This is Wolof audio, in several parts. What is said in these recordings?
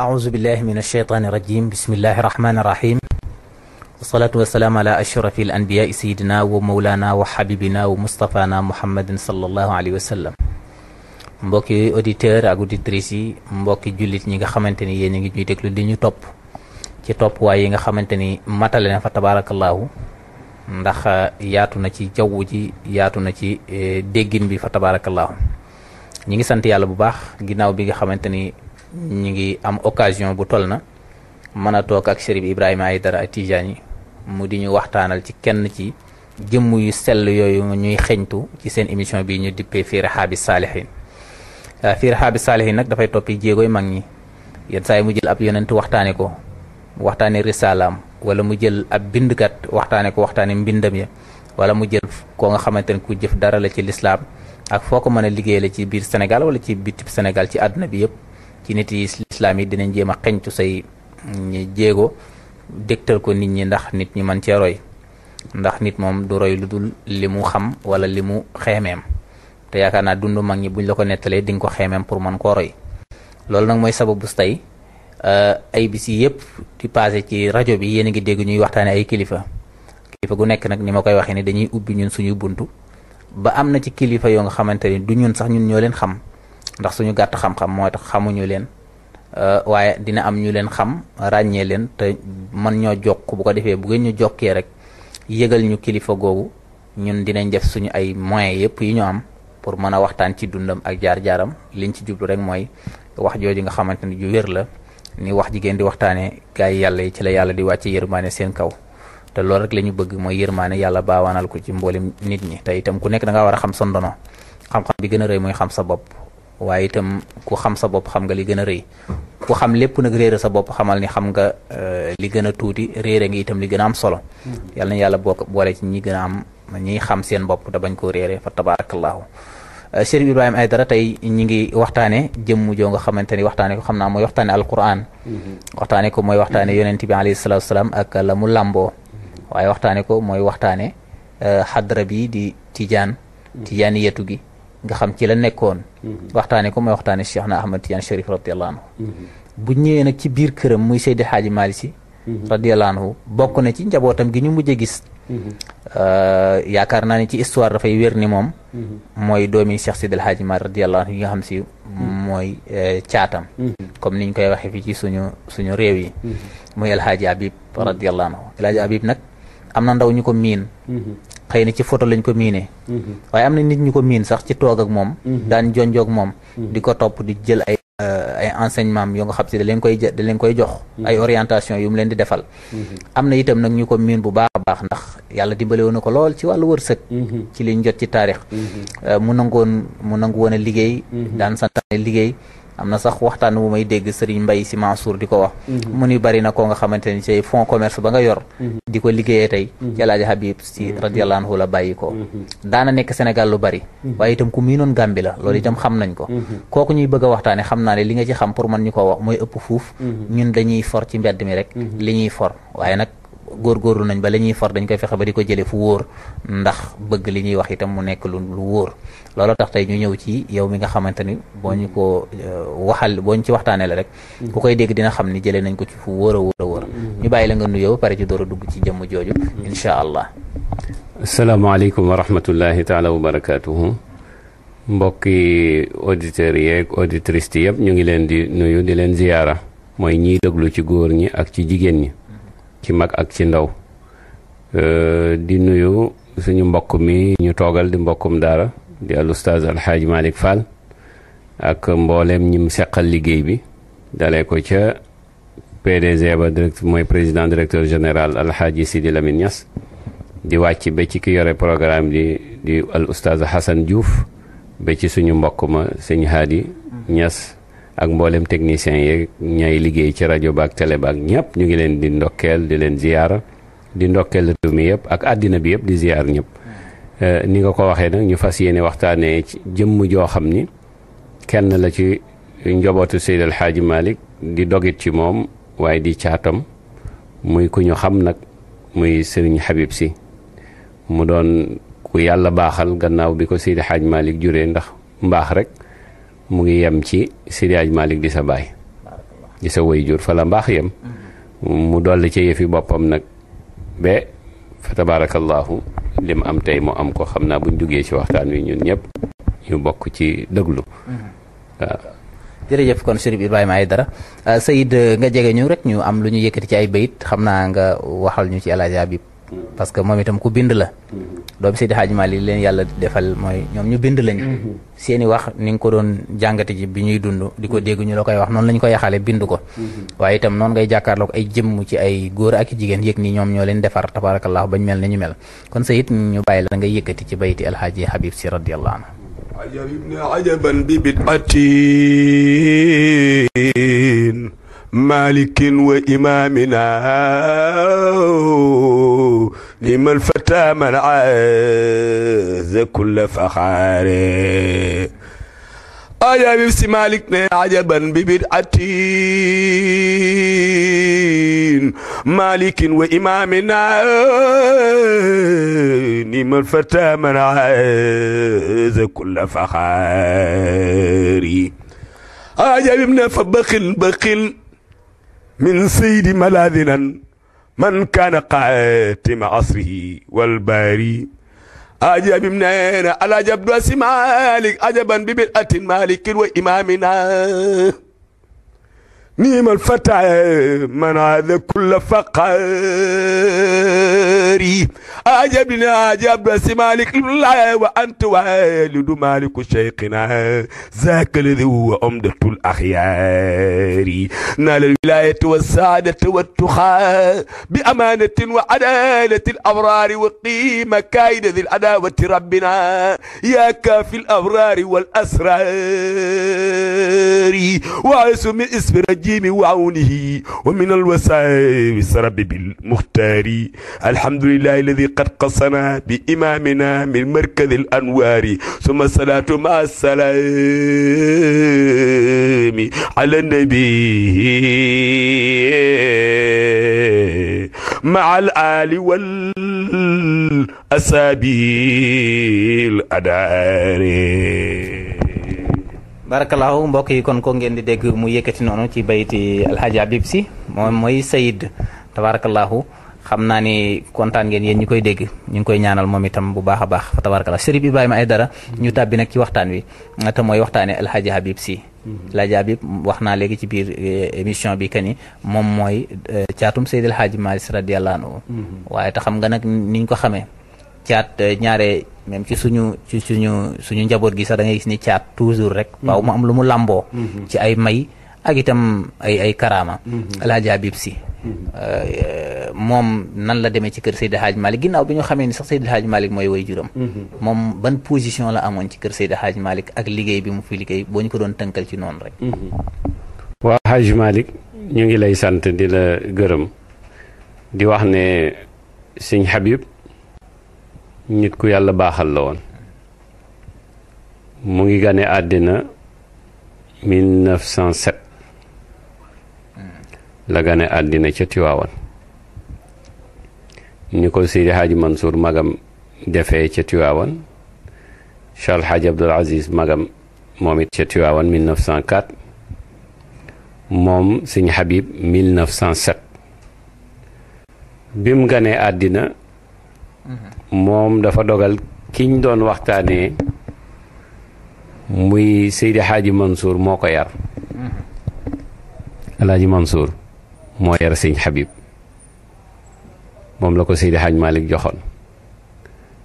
أعوذ بالله من الشيطان الرجيم بسم الله الرحمن الرحيم والصلاة والسلام على أشرف الأنبياء سيدنا ومولانا وحبيبنا ومصطفانا محمد صلى الله عليه وسلم mbokki auditeur ak auditrice yi mbokki jullit ñi nga xamante ni yéen a ngi ñuy déglu di ñu topp ci topp waaye yi nga xamante ni matale na fa tabaarakallaahu ndax yaatu na ci jaww ji yaatu na ci eh, déggin bi fa tabaarakallaahu ñi ngi sant yàlla bu baax ginnaaw bi nga xamante ñu ngi am occasion bu toll na mën a toog ak Chérif dara Aïdara Tijani mu di ñu waxtaanal ci kenn ci jëmm yu sell yooyu ñuy xeñtu ci seen émission bi ñu dippee fii Rahabi Salihin euh, fii Rahabi Salihin nag dafay toppi jéegoy mag ñi yenn saa yi mu jël ab yonent waxtaane ko waxtaane risalaam wala mu jël ab bindkat waxtaane ko waxtaane mbindam ya wala mu jël koo nga xamante ne ku jëf dara la ci lislaam ak foo ko mën a liggéey ci biir Sénégal ci bitib Sénégal ci àdduna bi yëpp ci nit yi lislaam yi dinañ jéem a xencu say mm, jéego dégtal ko nit ñi ndax nit ñi mën cee roy ndax nit moom du roy lu dul li mu xam wala li mu xeemeem te yaakaar naa dund mag ñi buñ la ko nettalee di nga ko xeemeem pour mën koo roy loolu nag mooy sababu tey euh, ay bis yëpp di passé ci rajo bi yéen a ngi dégg ñuy waxtaane ay kilifa kilifa gu nekk nag ni ma koy waxee ni dañuy ubbi ñun suñuy buntu ba am na ci kilifa yoo nga xamante ni du ñun sax ñun ñoo leen xam ndax suñu gàtt xam-xam moo tax xamuñu leen euh, waaye dina am ñu leen xam ràññee leen te man ñoo jokk bu ko defee bu ngeen ñu jokkee rek yëgal ñu kilifa googu ñun dinañ def suñu ay moyens yëpp yi ñu am pour mën a waxtaan ci dundam ak jaar-jaaram liñ ci jublu rek mooy wax jooju nga xamante ni ju wér la ni wax jigéen di waxtaanee gars yàlla yi ci la yàlla di wàcce yërmaane seen kaw te loolu rek la ñu bëgg mooy yërmaane yàlla baawaanal ko ci mboolem nit ñi te itam ku nekk da nga war a xam sa ndono xam-xam gën a rëy mooy xam sa bopp waaye itam ku xam sa bopp xam nga li gën a rëy ku xam lépp nag réere sa bopp xamal ni xam nga euh, li gën a tuuti réere nga itam li gën a am solo mm-hmm. yal na yàlla boo boole ci ñi gën a am ñiy xam seen bopp te bañ koo réere fa tabaarakallaahu Chérif ay dara tey ñi ngi waxtaane jëmm joo nga xamante ni waxtaane ko xam naa mooy waxtaane alquran mm-hmm. waxtaane ko mooy waxtaane mm-hmm. yonent bi alayhi salaatu salaam ak la mu làmboo waaye waxtaane ko mooy waxtaane euh, xadra bi di tijaan tijaaniyatu gi nga xam ci la nekkoon mm-hmm. waxtaane ko mooy waxtaane Cheikh na Ahmad Tidiane Chérif radiallahu anhu mm-hmm. bu ñëwee nag ci biir këram muy Seydi Xaaji Maalik Si mm-hmm. radiallahu anhu bokk na ci njabootam gi ñu mujj a gis euh, yaakaar naa ne ci histoire dafay wér ni moom mooy doomi Cheikh Seydi El Hadji Maalik radiallahu anhu yi nga xam si mooy euh, caatam comme niñ koy waxee fii ci suñu suñu réew yi muy El Hadji Habib radiallahu anhu El Hadji nag am na ndaw ñu ko miin xëy na ci photo lañ ko miine mhm. waaye am na nit ñu ko miin sax ci toog ak moom mhm. daan jonjoog moom mhm. di ko topp di jël ay euh, ay enseignement am yoo nga xam si da leen koy da leen koy jox ay orientation yu leen di defal am na itam nag ñu ko miin bu baax a baax ndax yàlla dimbale woon na ko lool ci wàllu wërsëg ci liñ jot ci taarix euh, mu nangoon mu nangu woon a liggéey daan santaane liggéey am na sax waxtaan bu may dégg Serigne mbay Sy Mansour di ko wax mhm. mu ni bari na ko nga xamante ni ci fonds commerce ba nga yor mhm. di ko liggéeyee tey mhm. ci Alaaji Habib Sy radiyallahu anhu la bàyyi ko daana nekk Sénégal lu bari waaye itam ku miinoon Gàmbi la loolu itam xam nañ ko kooku ñuy bëgg a waxtaane xam naa ne li nga ci xam pour man ñu ko wax mooy ëpp fuuf ñun dañuy for ci mbedd mi rek li ñuy for waaye nag góorgóorlu nañ ba la ñuy for dañ koy fexe ba di ko jëlee fu wóor ndax bëgg li ñuy wax itam mu nekk lu lu wóor looloo tax tey ñu ñëw ci yow mi nga xamante ni boo ñu ko euh, waxal boo ñu ci waxtaanee la rek ku koy dégg dina xam ni jëlee nañ ko ci fu wóor a wóor a ñu bàyyi la nga nuyoo pare ci door a dugg ci jëmm jooju incha allah asalaamaaleykum wa rahmatullahi taala wa barakatuhu mbokki auditeurs yeeg auditrices yëpp ñu ngi leen di nuyu di leen ziyaara mooy ñiy déglu ci góor ñi ak ci jigéen ñi ci mag ak ci ndaw euh, di nuyu suñu mbokk mi ñu toogal di mbokkum daara di al ustaaz alxaaji Malick Fall ak mbooleem ñim seqal liggéey bi dale ko ca PDG ba direct mooy président directeur général alxaaji Sidi Lamine Niass di wàcc ba ki yore programme di di al ustaaz Hassan Diouf ba suñu mbokk ma sëñ Haadi ñas ak mboolem technicien yeeg ñay liggéey ci rajo baak télé ak ñëpp ñu ngi leen di ndokkeel di leen ziyaara di ndokkeel réew mi yëpp ak àddina bi yëpp di ziyaar ñëpp hmm. eh, ni nga ko waxee nag ñu fas yéene waxtaanee ci jëmm joo xam ni kenn la ci njobootu Seyd El Hadji di dogit ci moom waaye di caatam muy ku ñu xam nag muy sëriñ Habib si mu doon ku yàlla baaxal gannaaw bi ko Seyd xaaj Hadji Malick ndax mbaax rek mu ngi yem ci Seydi Aj Malik di sa baay di sa waajur fa la mbaax yem mu dolli ci yëfi boppam nag ba fa tabaarakallaahu lim am tey mu am ko xam naa buñ duggee ci waxtaan wi ñun ñëpp ñu bokk ci dëglu waaw mm-hmm. uh, jërëjëf kon Chérif Ibrahima Aïdara uh, Sayid nga jege ñu rek ñu am lu ñu yëkkati ci ay bayit xam naa nga waxal ñu ci El Hadj parce que moom itam ku bind la doomu Seydi Hadji Malick li leen yàlla defal mooy ñoom ñu bind lañ seeni wax ni nga ko doon jàngate bi ñuy dund di ko dégg ñu la koy wax noonu lañ koy yaxale bind ko waaye itam noonu ngay jàkkaarloo ko ay jëmm ci ay góor ak jigéen yëg ni ñoom ñoo leen defar tabarakallahu bañ mel ne ñu mel kon sa it ñu bàyyi la nga yëkkati ci bayti alxaaji Habib si radiyallahu anhu ajab ibni malikin wa imamina liman fata man aaza kulla faxaare ajabib si malik ne ajaban bi bid'atin malikin wa imamina liman fata man aaza kulla faxaari ajabib ne fa baqil baqil min saydi malaadinan man kaana xaatima asrihi walbaari ajabim neena alajab dua si malik ajaban bi bid atin malikin wa imamina نيم الفتى من هذا كل فقري أعجبني أعجب بس مالك الله وأنت والد مالك شيخنا ذاك الذي هو أمدة الأخيار نال الولاية والسعادة والتخاء بأمانة وعدالة الأبرار وقيم كايد ذي العداوة ربنا يا كافي الأبرار والأسرار وعسم اسم رجل تقييم وعونه ومن الوسائل رب بالمختار الحمد لله الذي قد قصنا بإمامنا من مركز الأنوار ثم الصلاة مع السلام على النبي مع الآل والأسابيل أداري barakallahu mbokk yi kon ko ngeen di dégg mu yëkkati noonu ci bayti alxaaji Habib si moom mooy sayid tabarakallahu xam naa ni kontaan ngeen yéen ñu koy dégg ñu ngi koy ñaanal moom itam bu baax a baax fa tabarakallahu Sëriñ ay dara ñu tàbbi nag ci waxtaan wi te mooy waxtaane alxaaji Habib si mm-hmm. alxaaji Habib wax naa léegi ci biir e, émission bi kani moom mooy e, caatum Seydil Hadji Malick radiyallahu anhu mm-hmm. waaye te nga nag niñ ko xamee caat e, ñaare même ci suñu ci suñu suñu njaboot gi sax dangay gis ni caat toujours rek. Mm-hmm. waaw mu am lu mu làmboo. Mm-hmm. ci ay may ak itam ay ay karaama. Mm-hmm. alaaji Habib si. Euh, moom nan la demee ci kër Seydi Hadj Malick ginnaaw bi ñu xamee ni sax Seydi Hadj Malick mooy way juram. moom ban position la amoon ci kër Seydi Hadj Malick ak liggéey bi mu fi liggéey boo ñu ko doon tënkal ci noonu rek. waa Hadj Malick ñu ngi lay sant di la gërëm di wax ne sëñ Habib. nit ku yàlla baaxal la woon mu ngi gane àddina 1907 la gane àddina ca Tiwaawan ni ko Seydi Hadji Mansour magam defee ca Tiwaawan Charles Hadji Abdoul Aziz magam moom it ca Tiwaawan 1904 moom Sëñ Habib 1907 bim ganee àddina moom dafa dogal kiñ doon waxtaanee muy Seydi Hadji Mansour moo ko yar mm-hmm. Alaaji Mansour moo yar sëñ Habib moom la ko Seydi Hadji Malick joxoon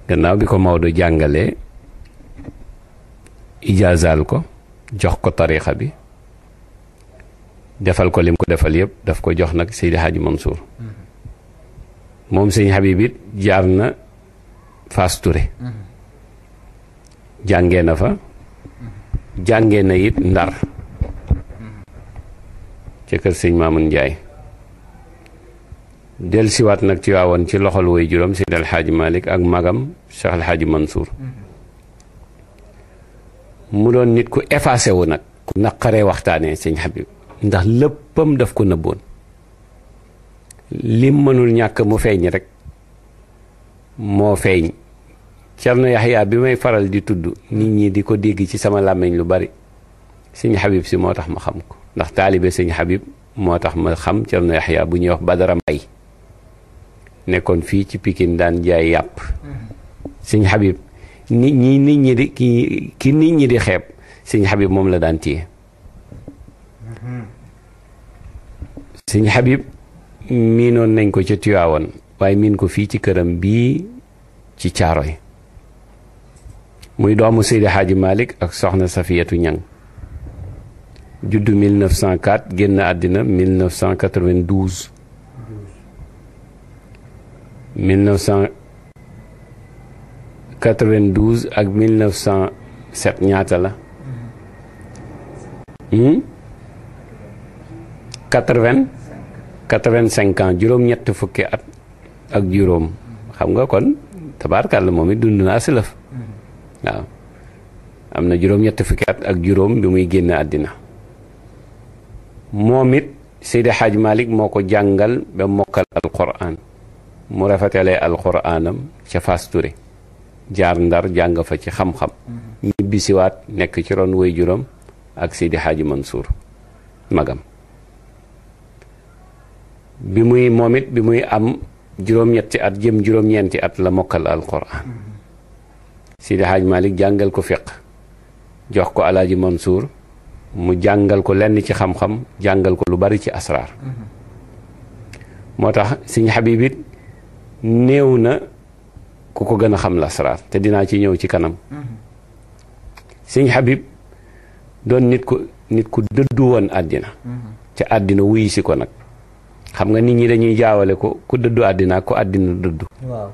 gannaaw bi ko Maodo jàngalee ijaazaal ko jox ko tarixa bi defal ko lim ko defal yëpp daf ko jox nag Seydi Hadji Mansour mm-hmm. moom sëñ Habib it jaar na Fass Touré na fa jàngee na it Ndar ca kër sëñ Mamoun Ndiaye del siwaat nag ci waawoon ci loxol way juróom sëñ Alxaaji malik ak magam Cheikh Alxaaji Mansour mu doon nit ku effacé wu nag ku naqaree waxtaanee sëñ Habib ndax léppam daf ko nëbboon lim mënul ñàkk mu feeñ rek moo feeñ Cerno Yaxya bi may faral di tudd nit ñi di ko dégg ci sama làmmiñ lu bari sëñ Habib si moo tax ma xam ko ndax taalibe sëñ Habib moo tax ma xam Cerno Yaxya bu ñuy wax ba Badara Mbay nekkoon fii ci pikin daan jaay yàpp sëñ Habib nit ñi nit ñi di ki ki nit ñi di xeeb sëñ Habib moom la daan téye sëñ Habib miinoon nañ ko ca Tiwaawan waaye miin ko fii ci këram bii ci Caaroy muy doomu Seydi Hadji Malick ak soxna Safiyatu Ñang juddu 1904 génn àddina 1992 1992 ak 1907 ñaata la. 80. Hmm? quatre-vingt-cinq ans juróom-ñett fukki at ak juróom xam nga kon la moom it dund naa silaf waaw am na juróom-ñett fukki at ak juróom bi muy génn àddina moom it Seydi Hadj malik moo ko jàngal ba mokkal alquran mu rafetalee alquranam ca Fass jaar ndar jàng fa ci xam-xam mm-hmm. ñibbisiwaat nekk ci ron way juróom ak Seydi Hadj Mansour magam bi muy moom it bi muy am juróom-ñetti at jëm juróom-ñeenti at la mokkal alquran Sidi xaaj Malick jàngal ko fiq jox ko alaaji Mansour mu jàngal ko lenn ci xam-xam jàngal ko lu bari ci asraar moo tax Sëñ Habib it néew na ku ko gën a xam la asraar te dinaa ci ñëw ci kanam Sëñ Habib doon nit ku nit ku dëddu woon àddina mhm. ca àddina wuyu si ko nag xam nga nit ñi dañuy jaawale ko ku dëddu àddina ko àddina dëddu waaw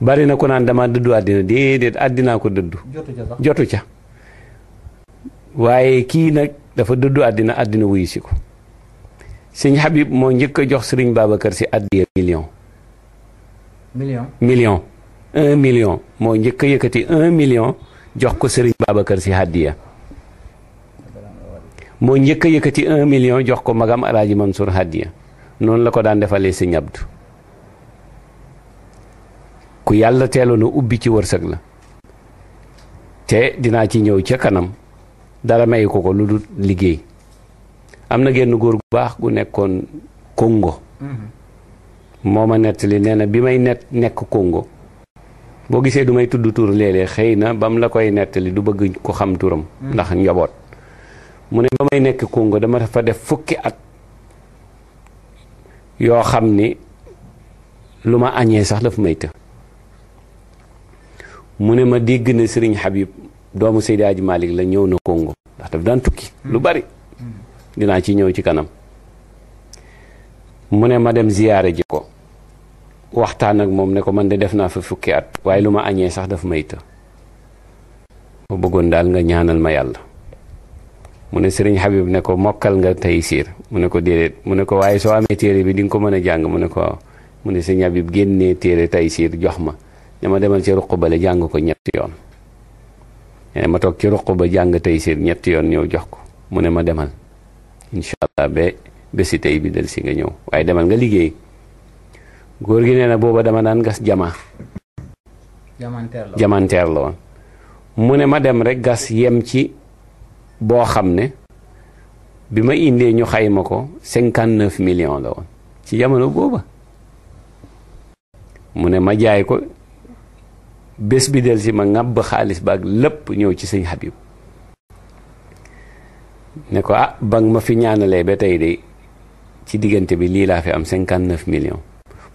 bari na ko naan dama dëddu àddina déedéet àddinaa ko dëddu jotu ca waaye kii nag dafa dëddu àddina àddina wuyu si ko sëñ Habib moo njëkk a jox sëriñ Babacar si àddiya million million million million moo njëkk a million jox ko sëriñ Babacar si àddiya moo njëkk a un million jox ko magam alaaji Mansour àddiya noonu la ko daan defalee si ñabdu ku yàlla teeloon a ubbi ci wërsëg la te dinaa ci ñëw ca kanam dara may ko ko lu dul liggéey am na génn góor gu baax gu nekkoon Congo mm-hmm. moo ma nettali nee na bi may nekk Congo boo gisee du may tudd tur léeg xëy na bam la koy nettali du bëgg ko xam turam mm-hmm. ndax njaboot mu ne ba may nekk Congo dama fa def fukki at yoo xam ni lu ma añee sax dafa may të mu ne ma dégg na sëriñ Habib doomu Seydi Hadji la ñëw na Congo ndax daf daan tukki mm. lu bari mm. dinaa ci ñëw ci kanam mu ne ma dem ziyaare ji ko waxtaan ak moom ne ko man de def naa fa fukki at waaye lu ma añee sax dafa may të ma bëggoon daal nga ñaanal ma yàlla mu ne sëriñ Habib ne ko mokkal nga tey siir mu ne ko déedéet mu ne ko waaye soo amee téere bi di nga ko mën a jàng mu ne ko mu ne sëriñ Habib génnee téere tey siir jox ma dama demal ci ruq bale jàng ko ñetti yoon nee ma toog ci ruq ba jàng tey siir ñetti yoon ñëw jox ko mu ne ma demal incha allah ba bési tey bi del si nga ñëw waaye demal nga liggéey góor gi nee na booba dama daan gas jama jamanteer la woon mu ne ma dem rek gas yem ci boo xam ne bi ma indee ñu xayma ko cinquante neuf million la woon ci jamono booba mu ne ma jaay ko bés bi del si ma ŋàbb xaalis ba ak lépp ñëw ci sëñ Habib ne ko ah ba ma fi ñaanalee ba tey de ci diggante bi lii laa fi am cinquante neuf millions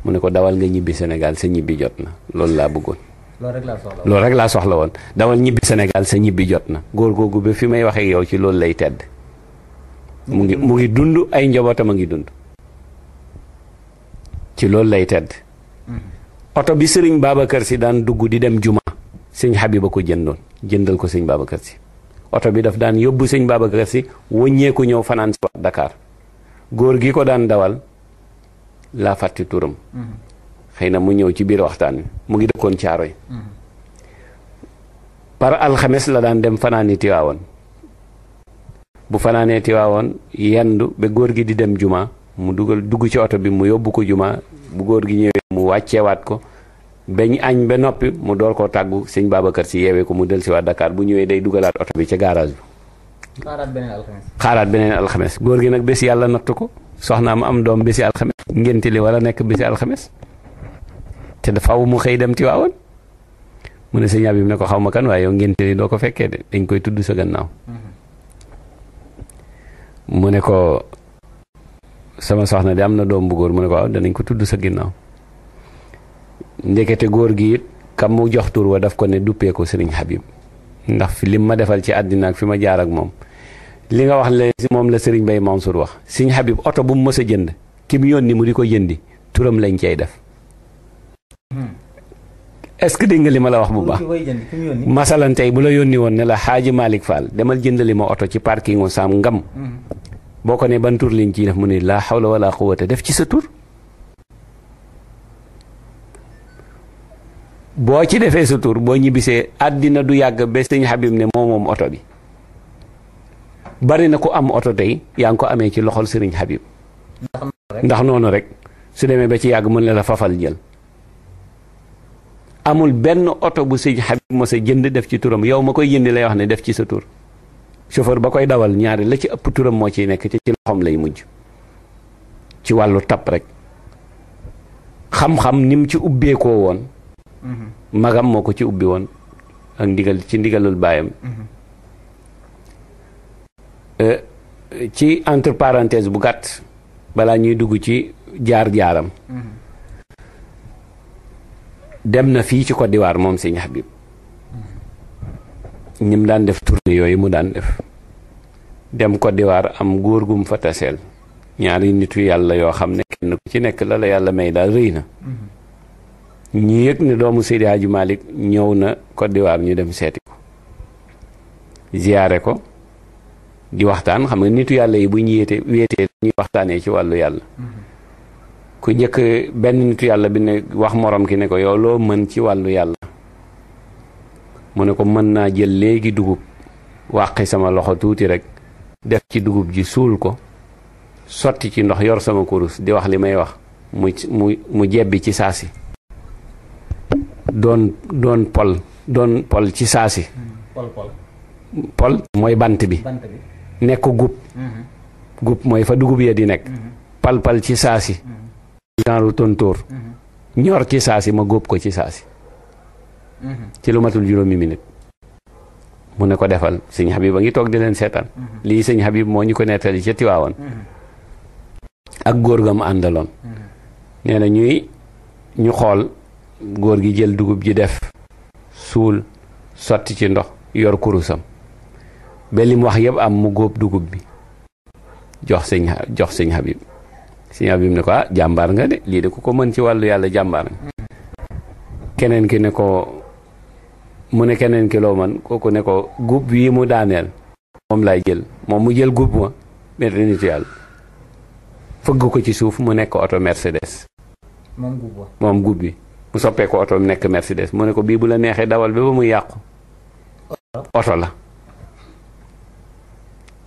mu ne ko dawal nga ñibbi Sénégal sa ñibbi jot na loolu laa bëggoon lool rek laa soxla woon loolu rek laa soxla woon dawal ñibbi Sénégal sa ñibbi jot na góor googu ba fi may waxee yow ci loolu lay tedd. mu ngi mu ngi dund ay njabootam a ngi dund. ci loolu lay tedd. Mm-hmm. oto bi sëriñ Babacar si daan dugg di dem juma sëñ Habiba ko jëndoon jëndal ko sëñ Babacar si. oto bi daf daan yóbbu sëñ Babacar si wëññeeku ñëw fanaan si waat Dakar góor gi ko daan dawal laa fàtti turam. Mm-hmm. xëy na mu ñëw ci biir waxtaan wi mu ngi dëkkoon caaro yi mm-hmm. par alxames la daan dem fanaani tiwaawoon bu fanaanee tiwaawoon yendu ba góor gi di dem juma mu dugal dugg ci oto bi mu yóbbu ko juma bu góor gi ñëwee mu wàcceewaat ko bañ añ ba noppi mu door koo tàggu sëñ Babacar si yeewee ko mu del si waat bu ñëwee day dugalaat oto bi ci garage bi xaaraat beneen alxames góor gi nag bési yàlla nattu ko soxnaam am doom bési alxames ngénti li wala nekk bési alxames te faaw mu xëy dem Tiwaawan mu ne sëñ Habib ne ko xaw ma kan waaye yow ngénte li doo ko fekkee de dañ koy tudd sa gannaaw mm-hmm. mu ne ko sama soxna de am na doom bu góor mu ne ko waaw danañ ko tudd sa ginnaaw ndekete góor gi it kam mu jox tur wa daf ko ne duppee ko sëriñ Habib ndax fi lim ma defal ci àddina ak fi ma jaar ak moom li nga wax la si moom la sëriñ Bay Mansour wax sëriñ Habib oto bu mu mës a jënd ki yoon yónni mu di ko jëndi turam lañ cay def est-ce que dégg nga li ma la wax bu baax. masalan tey bu la yónni woon ne la xaaji Malick Fall demal jëndali ma oto ci parking wu Sam Ngam. Mm-hmm. boo ko ne ban tur liñ ciy def mu ne laa xawla wala quwwata def ci sa tur. boo ci defee sa tur boo ñibbisee àddina du yàgg ba sëñ Habib ne moo moom oto bi bari na ku am oto tey yaa ngi ko amee ci loxol sëriñ Habib. ndax noonu rek su demee ba ci yàgg mën na la fafal jël. amul benn oto bu sëñ Habib jënd def ci turam yow ma koy jënd lay wax ne def ci sa tur chauffeur ba koy dawal ñaari la ci ëpp turam moo ciy nekk te ci loxoom lay mujj ci wàllu tapp rek xam-xam ni mu ci ubbeekoo woon mhm. magam moo ko ci ubbi woon ak ndigal ci ndigalul baayam mhm. euh, ci entre bu gàtt balaa ñuy dugg ci jaar jaaram mhm. dem na fii ci Côte d'Ivoire moom sëñ Habib ñim daan def tournée yooyu mu daan def dem Côte am góor gum fa taseel ñaari nitu yàlla yoo xam ne kenn ku ci nekk la yàlla may daal rëy na ñu yëg ne doomu Seydi Hadji Malick ñëw na Côte ñu dem seeti ko ziyaare ko di waxtaan xam nga nitu yàlla yi bu ñu yéete wéetee ñuy waxtaanee ci wàllu yàlla ku njëkk benn nitu yàlla bi ne wax morom ki ne ko yow loo mën ci wàllu yàlla mu ne ko mën naa jël léegi dugub wàqi sama loxo tuuti rek def ci dugub ji suul ko sotti ci ndox yor sama kurus di wax li may wax mu mu mu jebbi ci saasi doon doon pol doon pol ci saasi pol pol mooy bant bi nekk gub mm-hmm. gub mooy fa dugub ya di nekk mm-hmm. pal pal ci saasi mm-hmm. genre tontóor ñor ci saasi ma góob ko ci saa si ci lu matul juróomi minute mu ne ko defal sëñ Habib a ngi toog di leen seetaan lii sëñ Habib moo ñu ko nettali ca Tiwaawan ak góor ga mu àndaloon nee na ñuy ñu xool góor gi jël dugub ji def suul sotti ci ndox yor kurusam ba lim wax yépp am mu góob dugub bi jox sëñ jox sëñ Habib bi mu ne ko ah jàmbaar nga de lii de ku ko mën ci wàllu yàlla jàmbaar nga keneen ki ne ko mu ne keneen kilo loo man kooku ne ko gub bii mu daaneel moom laay jël moom mu jël gub ma benn nitu yàlla fëgg ko ci suuf mu nekk oto Mercedes moom gub bi mu soppee ko oto nekk Mercedes mu ne ko bii bu la neexee dawal ba ba mu yàqu oto la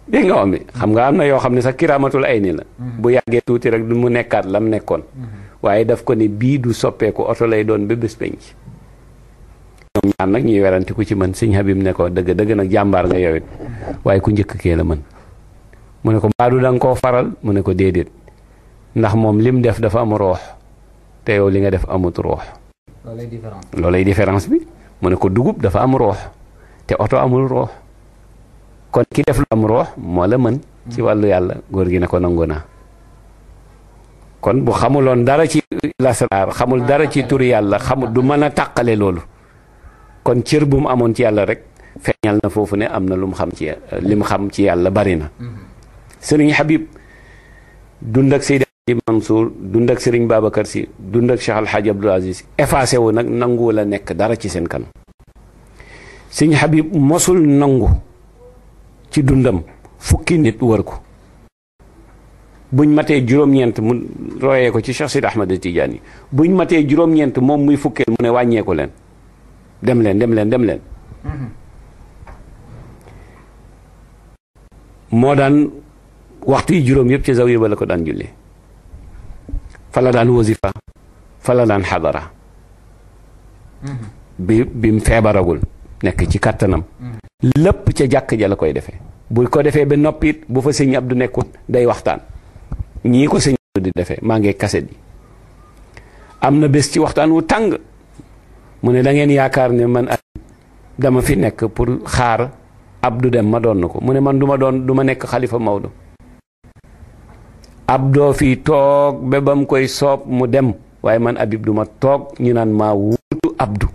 dégg nga wax mi xam nga am na yoo xam ne sax kiraamatul ay nii la mhm. bu yàggee tuuti rek du mu nekkaat lam nekkoon mhm. waaye daf ko ne bii du soppeeku oto lay doon ba bés penc ñoom nag ñuy werantiku ci mën sëñ Habib mu nekkoo dëgg dëgg nag jàmbaar nga waaye ku njëkk kee la mën mu ne ko mbaadu da nga koo faral mu ne ko déedéet ndax moom lim def dafa am roox te yow li nga def amut roox loolay différence bi mu ne ko dugub dafa am roox te oto amul roox kon ki def lu am roox moo la mën ci wàllu yàlla góor gi ne ko nangu naa kon bu xamuloon dara ci lasraar xamul dara ci turi yàlla xamul du mën a tàqale loolu kon cër bu mu amoon ci yàlla rek feeñal na foofu ne am na lu mu xam ci li xam ci yàlla bari na sëriñ Habib dund ak Seydi Mansour dund ak sëriñ Babacar si dund ak Cheikh Alhaji Aziz effacé wu nag nangu la nekk dara ci seen kanam sëriñ Habib mosul nangu ci dundam fukki nit wër ko buñ matee juróom-ñeent mu royee ko ci Cheikh Sidi Ahmed Tidiane buñ matee juróom-ñeent moom muy fukkeel mu ne wàññeeku leen dem leen dem leen dem leen. moo daan waxtu yi juróom yëpp ci zawiya ba la ko daan julli fala daan wasifa fala daan xadara mm-hmm. bi bi mu feebaragul nekk ci kàttanam mm-hmm. lépp ca jàkk ja la koy defee bu ko defee ba noppiit bu fa sëñ du nekkut day waxtaan ñii ko sëñ Abdou di defee maa ngi kaset yi am na bés ci waxtaan wu tàng mu ne da ngeen yaakaar ne man dama fi nekk pour xaar Abdou dem ma doon na ko mu ne man duma doon duma nekk xalifa Maodo Abdou fi toog ba ba mu koy soob mu dem waaye man Habib du ma toog ñu naan maa wuutu Abdou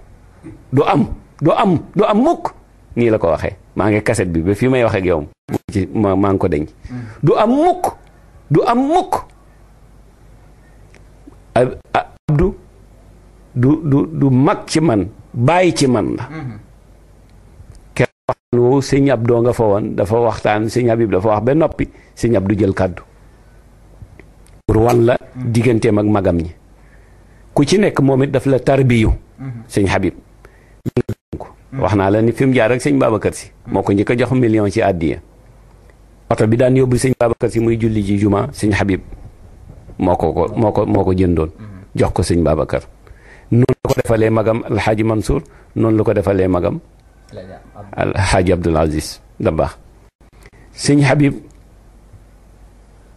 du am du am du am mukk nii la ko waxee maa ngi kaset bi ba fi may wax ak yow ci ma maa ngi ko denc du am mukk du am mukk abdu du du du mag ci man bàyyi ci man la kenn waxtaan woowu sëñ ab doo nga fa woon dafa waxtaan sëñ Habib dafa wax ba noppi sëñ ab du jël kàddu pour wan la digganteem ak magam ñi ku ci nekk moom it daf la tarbiyu mhm. sëñ Habib Mm. wax naa la ni fim jaar ak sëñ Babacar si. Mm. moo ko njëkk a jox million ci àddiya. oto bi daan yóbbu sëñ Babacar si muy julli ji juma sëñ Habib moo ko ko moo ko moo ko jëndoon. Mm. jox ko sëñ Babacar. noonu la ko defalee magam alxaaji Mansour noonu la ko defalee magam. alxaaji Abdul Aziz baax sëñ Habib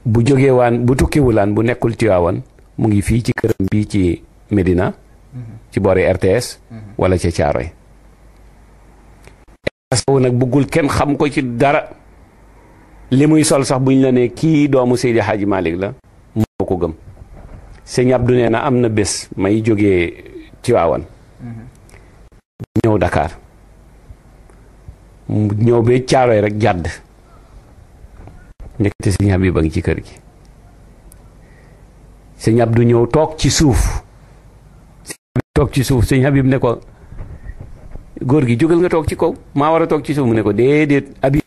bu jógee waan bu tukkiwulaan bu nekkul Tiwaawan mu ngi fii ci këram bii ci Medina. Mm-hmm. ci boori RTS. Mm-hmm. wala ca asawu nag bëggul kenn xam ko ci dara li muy sol sax buñ la ne kii doomu Seydi Hadji Malick la moo ko gëm sëñ Abdou nee na am na bés may jógee Tiwaawan ñëw Dakar ñëw ba Caaroy rek jàdd ndekete sëñ Habib a ngi ci kër gi sëñ Abdou ñëw toog ci suuf toog ci suuf sëñ Habib ne ko góor gi jógal nga toog ci kaw maa war a toog ci suuf mu ne ko déedéet abi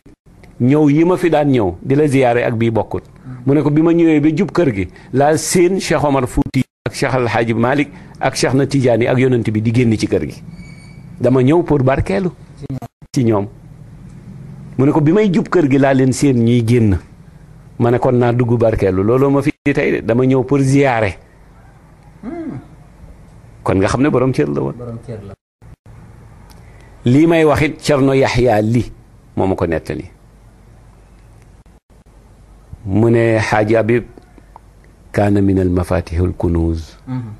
ñëw yi ma fi daan ñëw di la ziyaare ak bii bokkut mu ne ko bi ma ñëwee ba jub kër gi laa seen Cheikh Omar Fouti ak Cheikh El Hadj ak Cheikh na Tidiane ak yonent bi di génn ci kër gi dama ñëw pour barkeelu ci ñoom mu ne ko bi may jub kër gi laa leen seen ñuy génn ma ne kon naa dugg barkeelu looloo ma fi di tey de dama ñëw pour ziyaare hmm. kon nga xam ne borom cër la woon lii may wax it Cerno Yaxya li moo ma ko nettali mu ne xaaji Abib kaana min al mafatihul kunuuz mhm.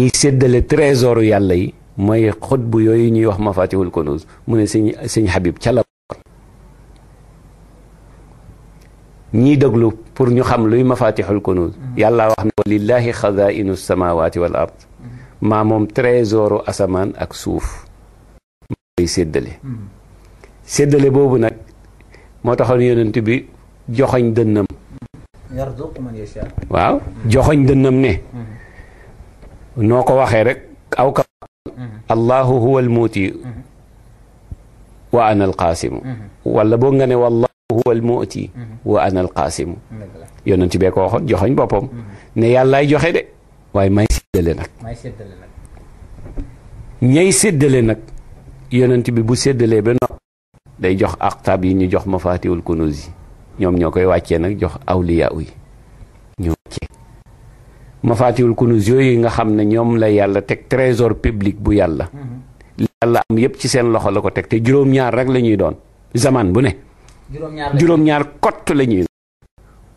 ñiy séddale trésoru yàlla yi mooy xutbu yooyu ñuy wax mafatihul kunuuz mu ne sëñ sëñ Habib ca la ñiy déglu pour ñu xam luy mafatihul kunuuz mhm. yàlla wax na lillahi xazainu samawati wal ard mhm. maa moom trésoru asamaan ak suuf mooy séddale séddale boobu nag moo taxoon yonent bi joxoñ dënnam waaw joxoñ dënnam ne noo ko waxee rek aw ka allahu huwa almuuti wa ana alqaasimu wala nga ne wallahu huwa almuuti wa ana alqaasimu yonent bee ko waxoon joxoñ boppam ne yàllaay joxe de waaye may séddale nag ñay séddale nag yonent bi bu séddalee ba nopp day jox aqtaab yi ñu jox mafaatiwul kunuz yi ñoom ñoo koy wàccee nag jox awliya yi ñu wàccee mafaatiwul kunuz yooyu nga xam ne ñoom la yàlla teg trésor public bu yàlla mm-hmm. li am yépp ci seen loxo la ko teg te juróom-ñaar rek lañuy doon zaman bu ne juróom-ñaar kott la ñuy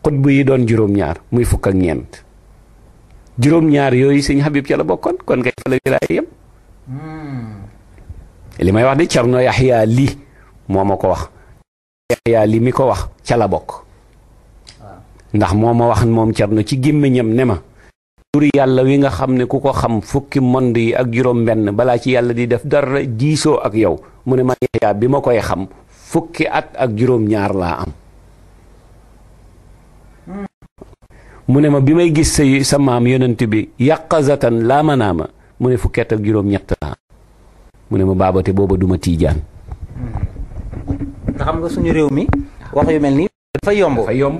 xutbu yi doon juróom-ñaar muy fukk ak ñeent juróom-ñaar yooyu sëñ Habib ca la bokkoon kon kay fa la yem mm. li may wax de Cerno Yaxya li moo ma ko wax Yaxya li mi ko wax ca la bokk ndax moo ma wax moom Cerno ci gémmiñam ne ma turi yàlla wi nga xam ne ku ko xam fukki mond yi ak juróom benn balaa ci yàlla di def dara diisoo ak yow mu ne ma Yaxya bi ma koy xam fukki at ak juróom ñaar laa am mu ne ma bi may gis sa maam yonent bi yàqazatan laa manaama mu ne fukki at ak juróom ñett laa am mu ne ma baabate booba duma tiijaan nga xam nga suñu réew mi wax yu mel nii dafa yomb dafa yomb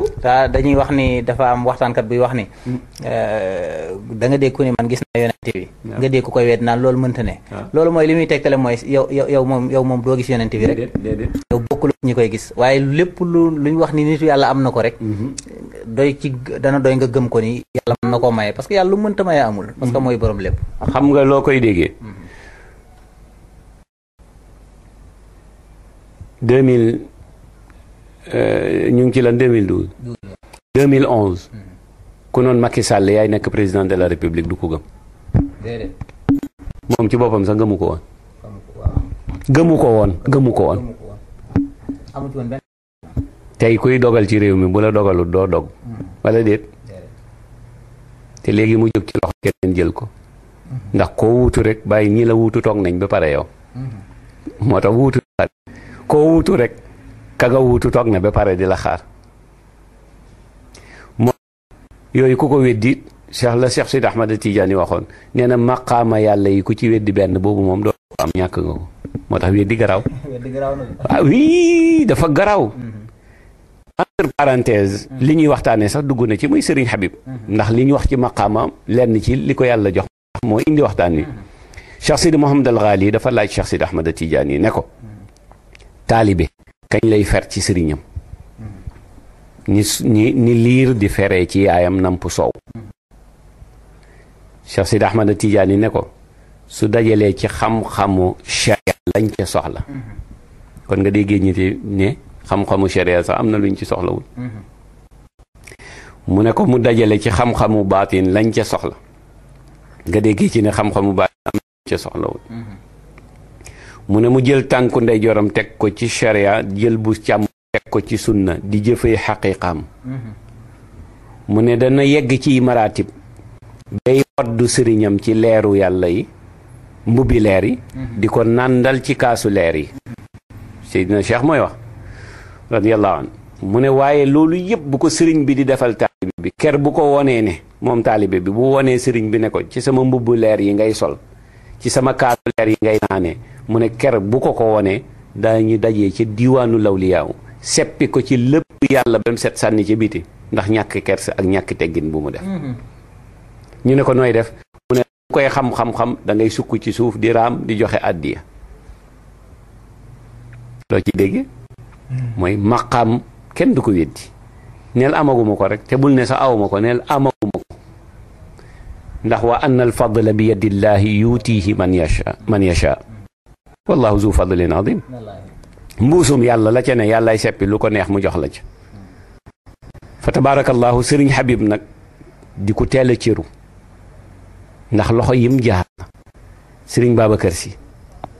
dañuy wax ni dafa am waxtaankat buy wax ni mm. euh, da nga dégg ku ne man gis naa yonente bi nga dégg ku koy wet naan loolu mënta ne loolu mooy li muy tegtale mooy yow yow yow moom yow moom doo gis yonente bi rek yow bokkul ñi koy gis waaye lépp lu lu ñu wax ni nitu yàlla am na ko rek mm-hmm. doy ci dana doy nga gëm ko ni yàlla mën na ko maye parce que yàlla lu mënta maye amul parce mm-hmm. mooy borom lépp xam nga loo koy déggee mm. deux mille euh, ñu ngi ci lan deux mille douze. deux mille onze. ku noonu Macky Sall yaay nekk président de la république du ko gëm. déedéet. moom ci boppam sax gëmu ko woon. gëmu ko woon gëmu ko woon. tey kuy dogal ci réew mi bu la dogalut doo dog. Mm. wala déet. te léegi mu jóg ci loxo keneen jël ko. Mm-hmm. ndax koo wuutu rek bàyyi ñi la wuutu toog nañ ba pare yow. Mm-hmm. moo tax wuutu koo wuutu rek ka nga wuutu toog na ba pare di la xaar moo yooyu ku ko weddi cheikh la cheikh Sidi Ahmad Tidiane waxoon nee na maqaama yàlla yi ku ci weddi benn boobu moom doo am ñàkk nga ko moo tax weddi garaaw ah oui dafa garaw mhm. entre parenthèse mhm. li ñuy waxtaanee sax dugg na ci muy Serigne Habib mhm. ndax li ñu wax ci maqaama lenn ci li ko yàlla jox moo indi waxtaan wi cheikh Sidi Mohamed Al Ghali dafa laaj cheikh Sidi Ahmad Tidiane yi ne ko taalibe kañ lay fer ci sëriñam ni ni ni liir di feree ci yaayam namp soow Cheikh Sidi tiijaan yi ne ko su dajalee ci xam-xamu sharia lañ ca soxla kon nga déggee ñi ne xam sax am na luñ ci soxlawul mu ne ko mu dajale ci xam-xamu baatin lañ ca soxla nga déggee ci ne xam-xamu baatin am na luñ ca mu ne mu jël tànku ndeyjooram teg ko ci sharia jël bu càmm teg ko ci sunna di jëfee xaqiqaam mm-hmm. mu ne dana yegg ci maraatib day waddu sëriñam ci leeru yàlla yi mbubbi leer yi mm-hmm. di ko nàndal ci kaasu leer yi Seydina Cheikh mooy wax radiyallahu an mu ne waaye loolu yëpp bu ko sëriñ bi di defal taalibe bi ker bu ko wonee ne moom taalibe bi bu wonee sëriñ bi ne ko ci sama mbubbu leer yi ngay sol ci sama kaasu leer yi ngay naanee mu ne ker bu ko ko wonee daañu dajee ci diiwaanu lawliyaaw seppi ko ci lépp yàlla ba mu set sànni ci biti ndax ñàkk kersa ak ñàkk teggin bu mu def mm-hmm. ñu ne ko nooy def mu ne koy xam-xam-xam sukk ci suuf di raam di joxe àddiya loo ci dégg mm-hmm. mooy maqaam kenn du ko amaguma ko rek te bul ne sa awuma ko neel amaguma ko ndax wa anna al fadla bi yadillahi yuutihi man yasha man yasha wallahu zu fadlin azim mbuusum yàlla la ca ne yàllaay seppi lu ko neex mu jox la ca fa tabarakallahu sëriñ Habib nag di ko teel a cëru ndax loxo yim jaar sëriñ Babacar si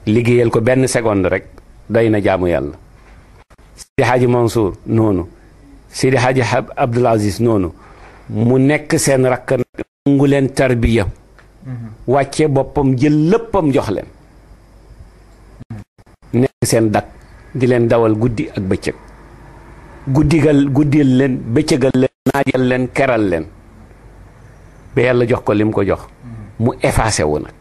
liggéeyal ko benn seconde rek doy na jaamu yàlla Sidi Hadji Mansour noonu Sidi Hadji Abdoul Aziz noonu mu nekk seen rakk nag ngu leen tarbiya mhm. wàcce boppam jël léppam jox leen nekk seen dak di leen dawal guddi ak bëccëg guddigal guddil leen bëccëgal leen naajal leen keral leen ba yàlla jox ko lim ko jox mm-hmm. mu effacé wu nag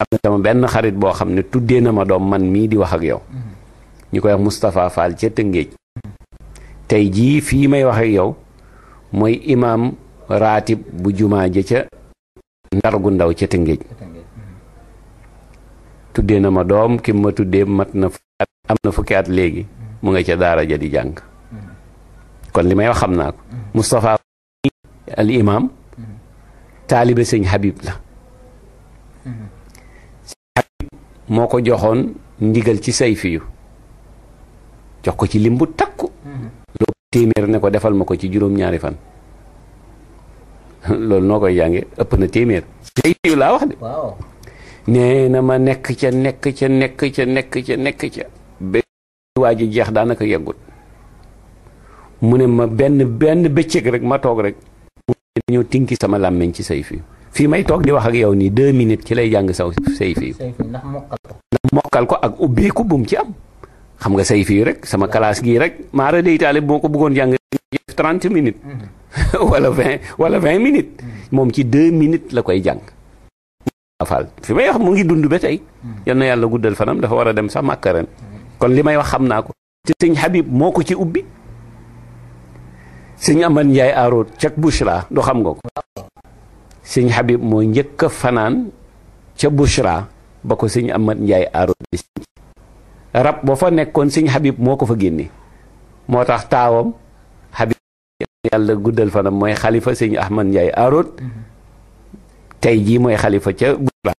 am sama benn xarit boo xam ne tuddee na ma doom man mii di wax ak yow mm-hmm. ñu koy wax Moustapha Fall ca Tëngéej mm-hmm. tey jii fii may wax ak yow mooy imaam raatib bu jumaa ja ca ndar gu ndaw ca Tëngéej tuddee na ma doom ki ma tuddee mat na fukki at am na fukki at léegi mu nga ca daara ja di jàng kon li may wax xam naa ko Moustapha al imam taalibe sëñ Habib la moo ko joxoon ndigal ci say fiyu jox ko ci lim bu takku loo téeméer ne ko defal ma ko ci juróom-ñaari fan loolu noo koy jànge ëpp na téeméer say fiyu laa wax de nee na ma nekk ca nekk ca nekk ca nekk ca nekk ca ba waa ji jeex daanaka yeggut mu ne ma benn benn bëccëg rek ma toog rek mu ne ñëw tinki sama làmmiñ ci say fii may toog di wax ak yow nii deux minutes ci lay jàng saw say fii ndax mokkal ko ak ubbeeku bu ci am xam nga say fii rek sama kalaas gii rek maara day taale boo ko bëggoon jàng trente minutes mhm. wala vingt wala mhm. moom ci deux minutes la koy jàng Fall fi may wax mu ngi dund ba tey hmm. yal na yàlla guddal fanam dafa war a dem sax Màkka ren kon li may wax xam naa ko te sëñ Habib moo ko ci ubbi sëñ Aman Njaay Aro ca Bushra du xam nga ko sëñ Habib moo njëkk fanaan ca Bushra ba ko sëñ Aman Njaay Aro rab ba fa nekkoon sëñ Habib moo ko fa génne moo tax taawam Habib yàlla guddal fanam mooy xalifa sëñ Ahmad Njaay Aro hmm. tey jii mooy xalifa ca Buurba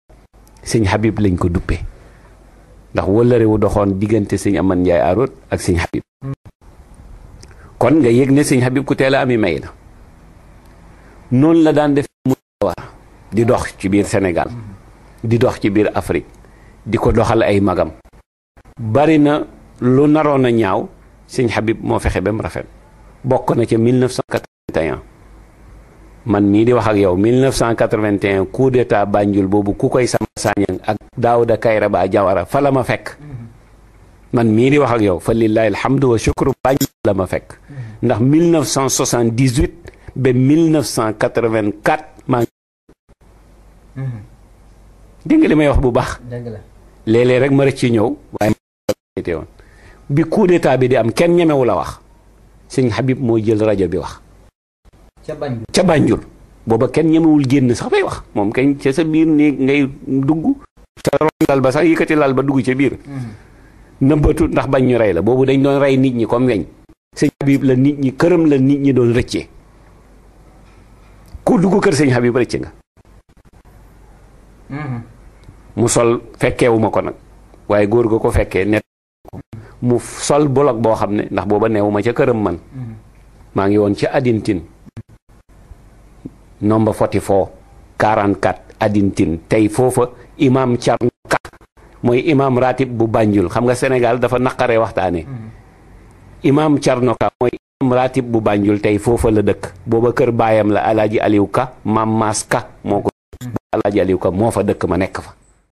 sëñ Habib lañ ko duppe ndax wëllëre wu doxoon diggante sëñ Aman Njaay Aroot ak sëñ Habib kon nga yëg ne sëñ Habib ku teel ami may na noonu la daan def mu di dox ci biir senegal di dox ci biir Afrique di ko doxal ay magam bari na lu naroon a ñaaw sëñ Habib moo fexe ba mu rafet bokk na ca 1981 man mii di wax ak yow 1981 coup d'état Banjul boobu ku koy sama saañang ak Daouda Kayraba Jawara fa la ma fekk man mii di wax ak yow fa lillahi alhamdu wa shukru Banjul la ma fekk ndax 1978 ba 1984 maa ngi dégg nga li may wax bu baax léeg rek ma ci ñëw waaye bi di am kenn ñemewu la wax sëñ Habib moo jël rajo bi wax ca Banjul booba kenn ñemewul génn sax may wax moom kañ ca sa biir néeg ngay dugg sa ron lal ba sax yëkkati lal ba dugg ca biir mm-hmm. nëbbatu ndax bañ ñu rey la boobu dañ doon rey nit ñi comme weñ sëñ Habib la nit ñi këram la nit ñi doon rëccee ku dugg kër sëñ Habib rëcce nga mm-hmm. mu sol fekkewuma ko nag waaye góor ga ko fekkee net mu sol bolog boo xam ne ndax booba neewuma ca këram man mm-hmm. maa ngi woon ci àddintin number 44 44 Adintine tey foofa imam Thierno mooy imam ratib bu Banjul xam nga Sénégal dafa naqare waxtaane mm-hmm. imam Thierno Ka mooy imam ratib bu Banjul tey foofa la dëkk booba kër baayam la alaaji Aliou Ka maam Maas Ka moo ko mm-hmm. alaaji Aliou Ka moo fa dëkk ma nekk fa